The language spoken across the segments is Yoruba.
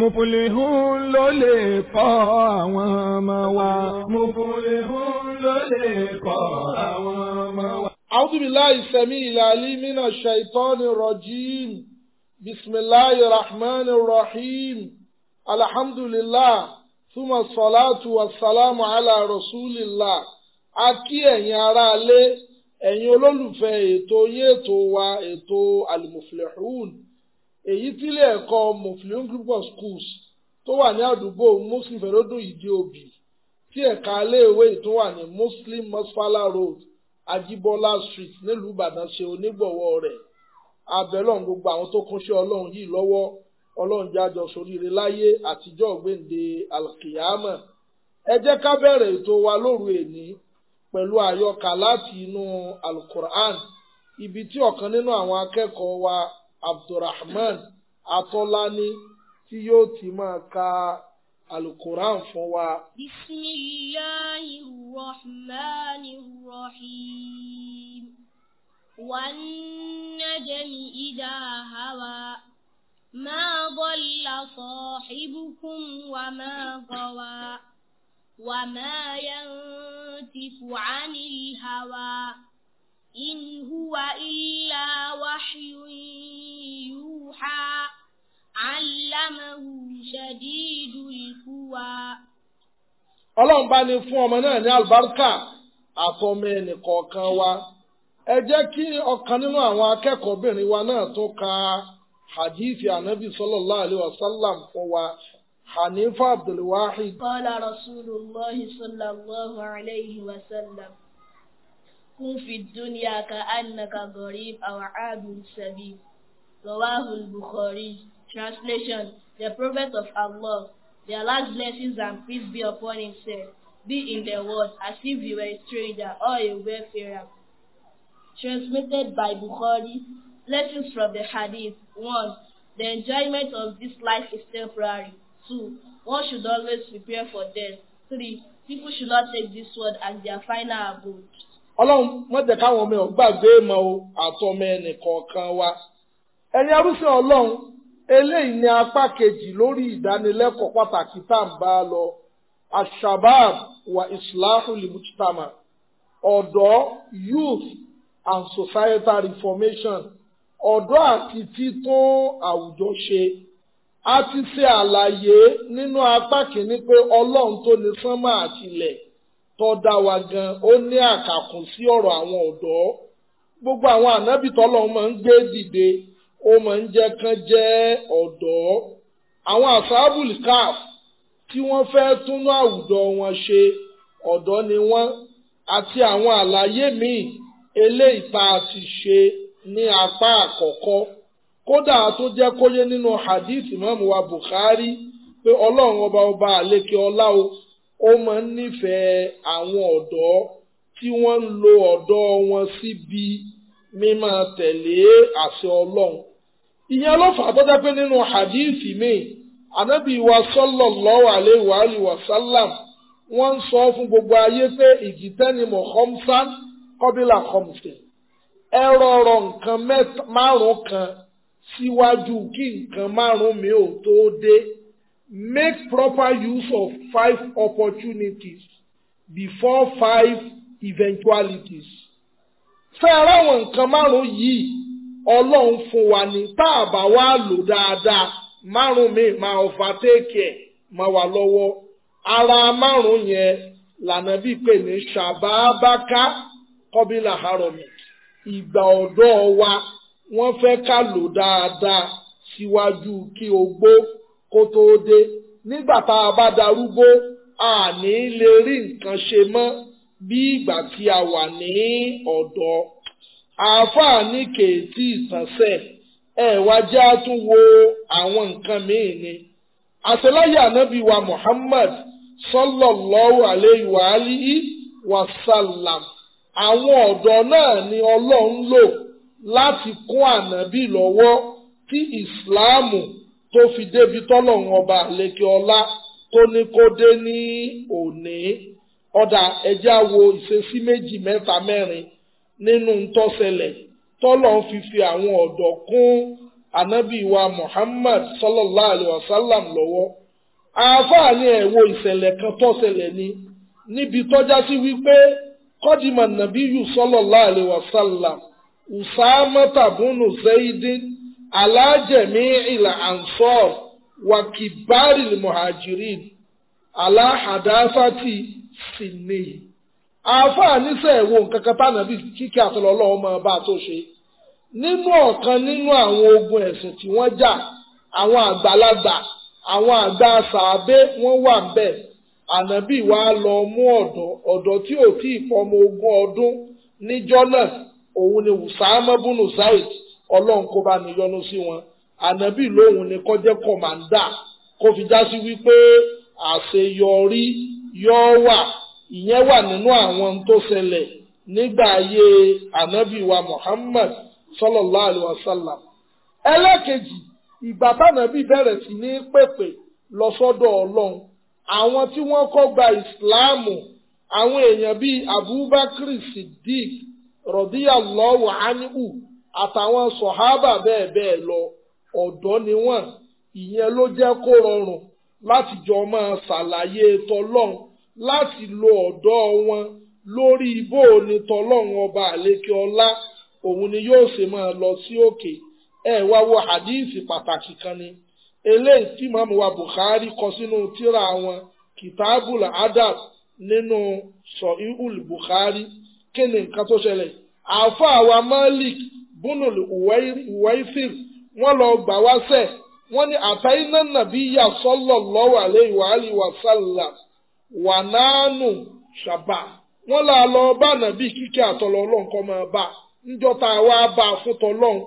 Mùpùlìhún ló lè kọ́ àwọn ọmọ wa. Mùpùlìhún ló lè kọ́ àwọn ọmọ wa. A'udhu billahi sami'il alim minash shaitanir rajim. Bismillahir rahmanir rahim. Alhamdulillah. Thumma salatu wassalamu ala rasulillah. A kí ẹ̀yin aráalé, ẹ̀yin olólùfẹ́ ètò yín ètò wa ètò al èyí tílé ẹ̀kọ́ mufliun group of schools tó wà ní àdúgbò muslim fẹ̀rọ̀dún ìdí òbí tí ẹ̀ka iléèwé tó wà ní muslim mosfala road ajibola street nílùú ìbàdàn ṣe onígbọ̀wọ́ rẹ̀ abẹ́lọ́n gbogbo àwọn tó kúnṣẹ́ ọlọ́run yìí lọ́wọ́ ọlọ́run jájọ soríire láyé àtijọ́ ògbéǹde alkiyama ẹ jẹ́ ká bẹ̀rẹ̀ ètò wa lóru èní pẹ̀lú àyọkà láti inú alukur'an ibi tí ọ̀kan nínú àwọn akẹ́kọ̀ọ́ wa abdulrahman atọ́láni tí yóò ti máa ka alukoran fún wa. bisimilahi rahmani rahim wan najmi idha hawa ma dalla sahibukum wa ma gawa wa ma yantiku anil hawa in huwa illa. علمه شديد القوى ọlọ́run bá ní fún ọmọ náà ní àlùbáríkà àtọmọ ẹnìkọ̀ọ̀kan wa ẹ jẹ́ kí ọ̀kan nínú àwọn akẹ́kọ̀ọ́bìnrin wa náà tún ka hadithi anabi sallallahu alayhi wa sallam fún wa hanifa abdulwahid. qala rasulullahi sallallahu alayhi wa sallam kun fi dunya ka annaka gharib aw abir sabil rawahu bukhari Translation The Prophet of Allah, the last blessings and peace be upon him, said, Be in the world as if you were a stranger or a wayfarer. Transmitted by Bukhari. Lessons from the Hadith. One, The enjoyment of this life is temporary. Two, One should always prepare for death. Three, People should not take this world as their final abode. Ọlọ́run mọ́jẹ̀ káwọn ọmọ ẹ̀ gbàgbé ìmọ̀ àtọmọ ẹnì kọ̀ọ̀kan wa. Ẹ̀yin arúfin Ọlọ́run eléyìí ni apá kejì lórí ìdánilẹ́kọ̀ọ́ pàtàkì tá à ń bá a lọ ashabab wa islahu limujtama ọ̀dọ́ youth and societal reformation ọ̀dọ́ àti títún àwùjọ ṣe a ti ṣe àlàyé nínú apá kìíní pé ọlọ́run tó ní sánmà àtìlẹ̀ tó dá wa gan ó ní àkàkùn sí ọ̀rọ̀ àwọn ọ̀dọ́ gbogbo àwọn ànábì tọ́lọ́run máa ń gbé dìde ó máa ń jẹ́ kán jẹ́ ọ̀dọ́ àwọn ashabul kaf tí wọ́n fẹ́ túnú àwùjọ wọn ṣe ọ̀dọ́ ni wọ́n àti àwọn àlàyé míì eléyìí tá a ti ṣe ní apá àkọ́kọ́ kódà tó jẹ́ kóyé nínú hadith imam wa Bukhari pé ọlọ́run ọba ọba àlékè ọlá o ó máa ń nífẹ̀ẹ́ àwọn ọ̀dọ́ tí wọ́n ń lo ọ̀dọ́ wọn síbi mímọ́ tẹ̀lé àṣẹ ọlọ́run ìyẹn ló fà á tó dẹ́pẹ́ nínú hadithi mi anabi wa sallallahu alayhi wa alihi wa sallam wọ́n ń sọ fún gbogbo ayé pé ìjìtẹ́nimọ̀ khamsan kọ́bílà khamsin ẹ rọrọ nǹkan márùn kan síwájú kí nǹkan márùn mi ò tó dé make proper use of five opportunities before five eventualities fẹ́ ráwọn nǹkan márùn yìí ọlọ́run fún wa ní tá a bá wá lò dáadáa márùn mi máa ọ̀fà téèkì ẹ̀ máa wà lọ́wọ́ ara márùn yẹn lànà bíi pè ní ṣàbábáká kọ́bílà haromi ìgbà ọ̀dọ́ wa wọ́n fẹ́ ká lò dáadáa síwájú kí ogbó kó tó dé nígbà tá a bá darúgbó a ní lè rí nǹkan ṣe mọ́ bí ìgbà tí a wà ní ọ̀dọ́ àáfàá ní kèétí ìtànṣẹ́ ẹ̀ wá jẹ́ àtún wo àwọn nǹkan míì ni àtẹ̀láyé ànábì wa Muhammad sallallahu alayhi wa alihi wa àwọn ọ̀dọ́ náà ni ọlọ́run lò láti kún ànábì lọ́wọ́ tí ìsìláàmù tó fi débi tọ́lọ́run ọba àlekè ọlá tó ní kó dé ní òní ọ̀dà ẹ̀já wo ìṣesí méjì mẹ́ta mẹ́rin nínú ntọ́sẹ̀lẹ̀ tọ́lọ̀ ń fi fi àwọn ọ̀dọ́ kún ànábì wa Muhammad sallallahu alayhi wa sallam lọ́wọ́ àáfàá ni ẹ̀ wo ìṣẹ̀lẹ̀ kan tọ́sẹ̀lẹ̀ ni níbi tọ́já sí wípé kọ́dìmọ̀ nàbíyù sallallahu alayhi wa sallam usama tabunu zaidin alájẹ̀mí ìlà ansor wakibari muhajirin aláhàdáfàtì sinèyí àáfàá níṣẹ́ ìwo nǹkan kan tánà bíi kíkẹ́ àtọlọ́lọ́ ọmọ ọba tó ṣe nínú ọ̀kan nínú àwọn ogun ẹ̀sìn tí wọ́n jà àwọn àgbàlagbà àwọn àgbà sàábé wọ́n wà bẹ́ẹ̀ ànábì wa lọ mú ọ̀dọ́ ọ̀dọ́ tí ò tí ì fọmọ ogún ọdún níjọ́ náà òun ni Usama bunu Zaid ọlọ́run kó bá ní yọ́nú sí wọn ànábì lóhun ni kó jẹ́ kọ̀mándà kó fi já sí wípé àṣeyọrí yóò wà ìyẹn wà nínú àwọn tó ṣẹlẹ̀ nígbà ayé ànábì wa Muhammad sallallahu alayhi wa sallam ẹlẹ́kejì ìgbà tánàbí bẹ̀rẹ̀ sí ní pèpè lọ sọ́dọ̀ ọlọ́run àwọn tí wọ́n kọ́ gba ìsìláàmù àwọn èèyàn bíi Abubakar Siddiq rọ̀díyàlọ́wọ̀ ánìhù àtàwọn sọ̀hábà bẹ́ẹ̀ bẹ́ẹ̀ lọ ọ̀dọ́ ni wọ́n ìyẹn ló jẹ́ kó rọrùn láti jọ máa ṣàlàyé tọlọ́run láti lo ọ̀dọ́ wọn lórí bó ní tọ́lọ́run ọba àlékè ọlá òun ni yóò ṣe máa lọ sí òkè ẹ wá wo hadith pàtàkì kan ni eléyìí tí màmú wa Bukhari kọ sínú tírà wọn kitabul adab nínú sọ̀híhùl Bukhari kí ni nǹkan tó ṣẹlẹ̀ àáfàá wa Malik bunul uwaisir wọ́n lọ gbà wá sẹ́ẹ̀ wọ́n ní àtàyínà nàbíyà sallallahu alayhi wa alihi wa sallam wananu shaba wọn la lọ bá nàbí kíkẹ́ àtọ̀lọ́ ọlọ́run máa bá níjọ́ta wa bá a fún tọ́lọ́run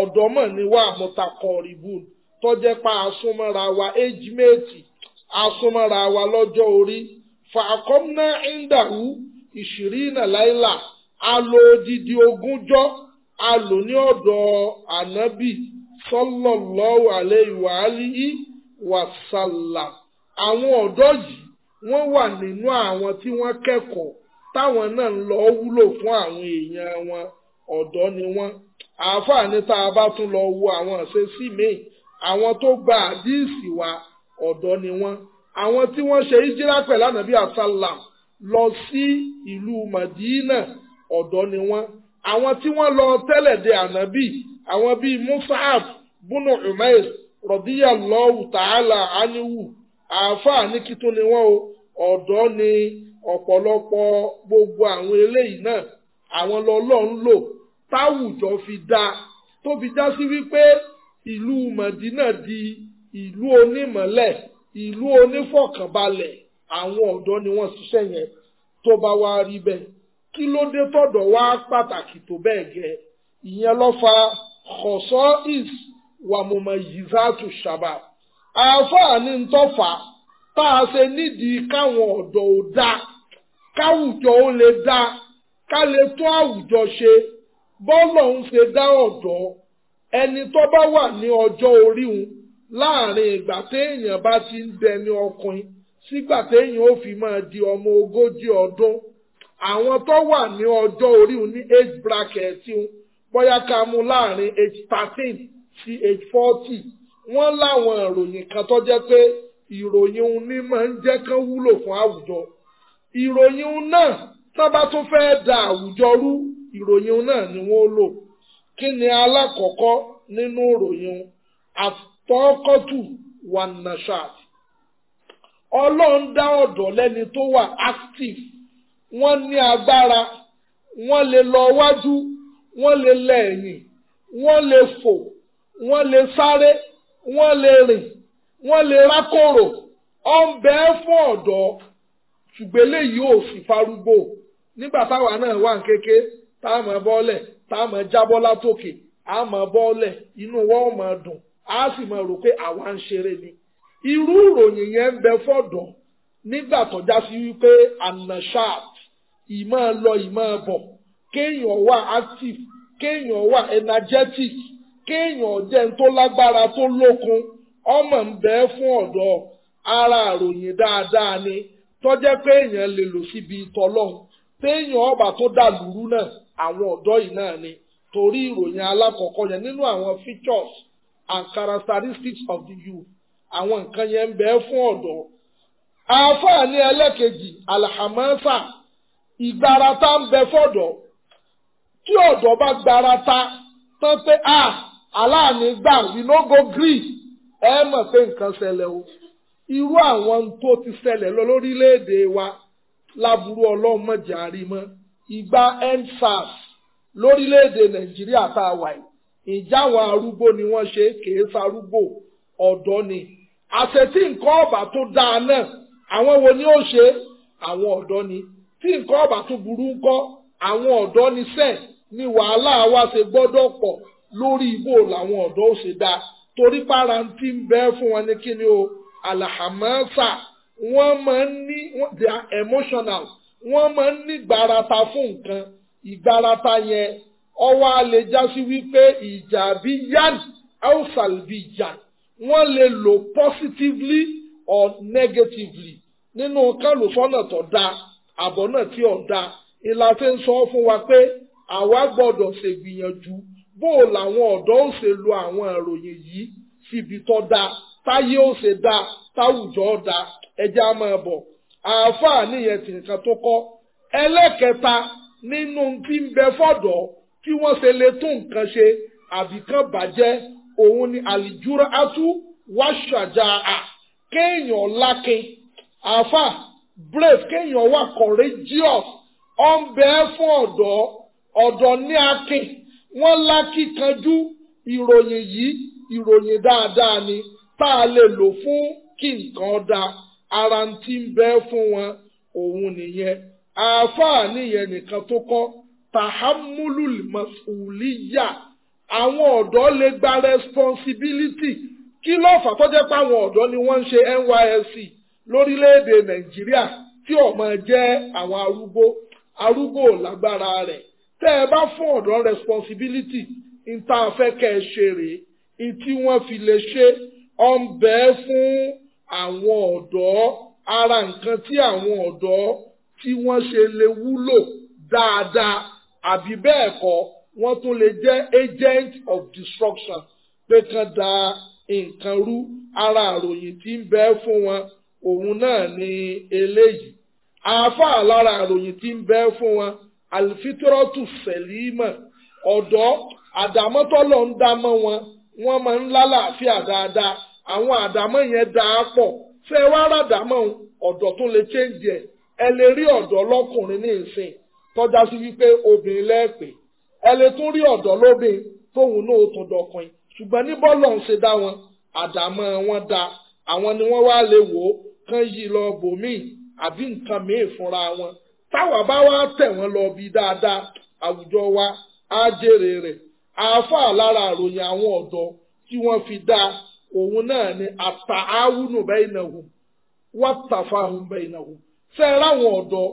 ọ̀dọ́mọ̀ ni wà mọ́takọ̀ rìbùn tọ́jẹ́ pa àsúnmọ́ra wa éjì méjì àsúnmọ́ra wa lọ́jọ́ orí fàákọ́mná ìndàrú ìṣìrí nàláìlà a lò odidi ogúnjọ́ a lò ní ọ̀dọ̀ ànábì sallallahu alayhi wa alihi wa àwọn ọ̀dọ́ yìí wọ́n wà nínú àwọn tí wọ́n kẹ́kọ̀ọ́ táwọn náà ń lọ wúlò fún àwọn èèyàn wọn ọ̀dọ́ ni wọ́n àáfàá ní tá a bá tún lọ wo àwọn ìṣesí míì àwọn tó gba àdíìsì wa ọ̀dọ́ ni wọ́n àwọn tí wọ́n ṣe ìjírá pẹ̀lú ànábì lọ sí ìlú Màdínà ọ̀dọ́ ni wọ́n àwọn tí wọ́n lọ tẹ́lẹ̀ de ànábì àwọn bíi Mus'ab bunu Umair rọ̀díyà lọ́wù tààlà áníwù àáfàá ní kí tó ni wọ́n o ọ̀dọ́ ni ọ̀pọ̀lọpọ̀ gbogbo àwọn eléyìí náà àwọn lọ́lọ́run lò táwùjọ fi dá tó fi já sí wípé ìlú mọ̀dínà di ìlú onímọ̀lẹ̀ ìlú onífọ̀kànbalẹ̀ àwọn ọ̀dọ́ ni wọ́n ṣiṣẹ́ yẹn tó bá wá rí bẹ́ẹ̀ kí ló dé tọ̀dọ̀ wá pàtàkì tó bẹ́ẹ̀ gẹ́ ìyẹn ló fa kọ̀sọ́ is wàmùmọ̀ yìí zátù shabab àǹfààní ntọ́fà tá a ṣe nídìí káwọn ọ̀dọ́ ò dá káwùjọ ó lè dá ká lè tún àwùjọ ṣe bọ́ọ̀lù ń ṣe dá ọ̀dọ́ ẹni tó bá wà ní ọjọ́ orí òun láàrin ìgbà téèyàn bá ti ń dẹni ọkùnrin sígbà téèyàn ó fi máa di ọmọ ogójì ọdún àwọn tó wà ní ọjọ́ orí òun ní age bracket òun bóyá ká mú láàrin age thirteen sí age forty wọ́n láwọn ìròyìn kan tó jẹ́ pé ìròyìn òun ní máa ń jẹ́ kán wúlò fún àwùjọ ìròyìn òun náà tó bá tún fẹ́ da àwùjọ rú ìròyìn òun náà ni wọ́n lò kí ni alákọ̀ọ́kọ́ nínú ìròyìn àtọ́kọ́tù wà nàṣàt ọlọ́run dá ọ̀dọ́ lẹ́ni tó wà active wọ́n ní agbára wọ́n lè lọ wájú wọ́n lè lẹ́yìn wọ́n lè fò wọ́n lè sáré wọ́n lè rìn wọ́n lè rákòrò ọ ń bẹ fún ọ̀dọ́ ṣùgbọ́n eléyìí ò sì farúgbó nígbà táwa náà wà ní kéke tá a bọ́ọ̀lẹ̀ tá a mọ̀ jábọ́ látòkè a mọ̀ bọ́ọ̀lẹ̀ inú wọn ò mọ̀ dùn a sì mọ̀ rò pé àwa ń ṣeré ni irú ìròyìn yẹn ń bẹ fọ́dọ̀ nígbà tó já sí wípé anashat ìmọ̀ lọ ìmọ̀ bọ̀ kéèyàn wà active kéèyàn wà energetic kéèyàn jẹ́ ń tó lágbára tó lókun ọmọ ń bẹ fún ọ̀dọ́ ara àròyìn dáadáa ni tọ́jẹ́ pé èèyàn lè lò síbi ìtọ́lọ́hún téèyàn ọba tó dà lúrú náà àwọn ọ̀dọ́ yìí náà ni torí ìròyìn alákọ̀ọ́kọ́ yẹn nínú àwọn features and characteristics of the youth àwọn nǹkan yẹn ń bẹ fún ọ̀dọ́ àáfàá ní ẹlẹ́kejì alhamasa ìgbarata ń bẹ fọ́dọ̀ tí ọ̀dọ́ bá gbarata tán pé a. Ah, aláàní gbà we no go gree ẹ mọ̀ pé nǹkan ṣẹlẹ̀ o irú àwọn tó ti ṣẹlẹ̀ lọ lórílẹ̀‐èdè wa láburú ọlọ́mọdé àrímọ́ ìgbà endsars lórílẹ̀‐èdè nàìjíríà tá a wà yìí ìjà àwọn arúgbó ni wọ́n ṣe kèé sarúgbó ọ̀dọ́ ni àṣetí nǹkan ọ̀bà tó dáa náà àwọn wo ni ó ṣe àwọn ọ̀dọ́ ni tí nǹkan ọ̀bà tó burú ń kọ́ àwọn ọ̀dọ́ ni sẹ́ẹ̀ ni wàhálà wa ṣe gbọ́dọ̀ pọ̀ lórí ibo làwọn ọ̀dọ́ ò ṣe dáa torí para ń bẹ́ fún wọn ní kíni o alahamasa wọ́n máa ń ní they are emotional wọ́n máa ń ní ìgbárata fún nǹkan ìgbárata yẹn ọwọ́ a lè já sí wípé ìjà bí yan ausal bí yan wọ́n lè lò positively or negatively nínú kálùfọ́nà tó dáa àbọ̀ náà tí ò dáa ìlàfẹ́ ń sọ fún wa pé àwa gbọ́dọ̀ ṣègbìyànjú bó o làwọn ọ̀dọ́ ò ṣe lo àwọn ìròyìn yìí síbi tó dáa táyé ò ṣe dáa táwùjọ dáa ẹja máa bọ̀ àáfàá nìyẹn tì nǹkan tó kọ́ ẹlẹ́kẹta nínú tí ń bẹ fọ́dọ̀ kí wọ́n ṣe lè tún nǹkan ṣe àbí kan bàjẹ́ òun ni àlìjúra átú wáṣàjà à kéèyàn lákin àáfàá brave kéèyàn wà courageous ọ̀ ń bẹ fún ọ̀dọ́ ọ̀dọ́ ní akin wọ́n lákìkanjú ìròyìn yìí ìròyìn dáadáa ni tá a lè lò fún kí nǹkan da ara tí ń bẹ fún wọn òun nìyẹn àáfàá nìyẹn nìkan tó kọ́ tahamulul masuliya àwọn ọ̀dọ́ lè gba responsibility kí ló fà tó jẹ́ pé àwọn ọ̀dọ́ ni wọ́n ń ṣe NYSC lórílẹ̀‐èdè Nàìjíríà tí ọ̀mọ̀ jẹ́ àwọn arúgbó arúgbó lágbára rẹ̀ tẹ́ ẹ bá fún ọ̀dọ́ responsibility n tá a fẹ́ kẹ́ ẹ ṣe rèé n tí wọ́n fi lè ṣe ọ̀ ń bẹ fún àwọn ọ̀dọ́ ara nǹkan tí àwọn ọ̀dọ́ tí wọ́n ṣe lè wúlò dáadáa àbí bẹ́ẹ̀ kọ́ wọ́n tún lè jẹ́ agent of destruction pé kan da nǹkan rú ara àròyìn tí ń bẹ fún wọn òun náà ni eléyìí àáfàá lára àròyìn tí ń bẹ fún wọn alifitirọ́tù sẹ̀límà ọ̀dọ́ àdámọ́tọ́lọ̀ ń dámọ́ wọn wọ́n máa ń lálàáfíà dáadáa àwọn àdámọ́ yẹn dáa pọ̀ ṣé ẹ wá ràdámọ́ ọ̀dọ́ tó lè chéǹjì ẹ̀ ẹ lè rí ọ̀dọ́ lọ́kùnrin ní ìsìn tọ́já sí wípé obìnrin lẹ́ẹ̀pẹ́ ẹ lè tún rí ọ̀dọ́ lóbìn tóun náà tún dọkùnrin ṣùgbọ́n ní bọ́ọ̀lù ọ̀hún ṣe dá wọn àdámọ́ wọn da àwọn ni wọ́n wá lè wò ó kán yí lọ bòmíì àbí nǹkan míì fúnra wọn táwa bá wá tẹ̀ wọ́n lọ bí dáadáa àwùjọ wa á jèrè rẹ̀ àáfàá lára àròyìn àwọn ọ̀dọ́ tí wọ́n fi dá òun náà ni àtàáwùnù bainahum wàtàfàhùn bainahum fẹ́ ráwọn ọ̀dọ́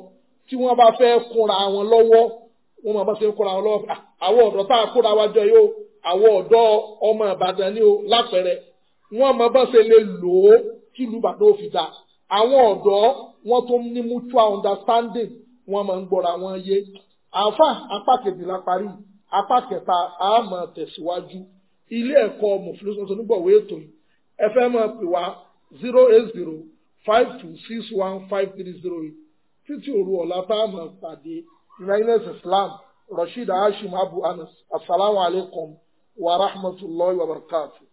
tí wọ́n bá fẹ́ kúnra wọn lọ́wọ́ wọ́n máa bá ṣe kúnra wọn lọ́wọ́ ah, àwọn ọ̀dọ́ tá a kúnra wa jọ yóò àwọn ọ̀dọ́ ọmọ Ìbàdàn ni ó lápẹ̀rẹ̀ wọ́n máa bá ṣe lè lò ó kí ìlú ó fi dá àwọn ọ̀dọ́ wọ́n tó ní mutual understanding wọ́n máa ń gbọ́ra wọn yé àáfà apá kejì la parí apá kẹta a máa tẹ̀síwájú ilé ẹ̀kọ́ mọ̀fìlẹ́sọ̀ tó nígbọ̀wé ètò ẹ fẹ́ máa pè wá zero eight zero five two six one five three zero eight títí òru ọ̀la tá a máa pàdé united islam rasheed hashim abu anas asalaamualeykum wa rahmatulahi wa barakatuh.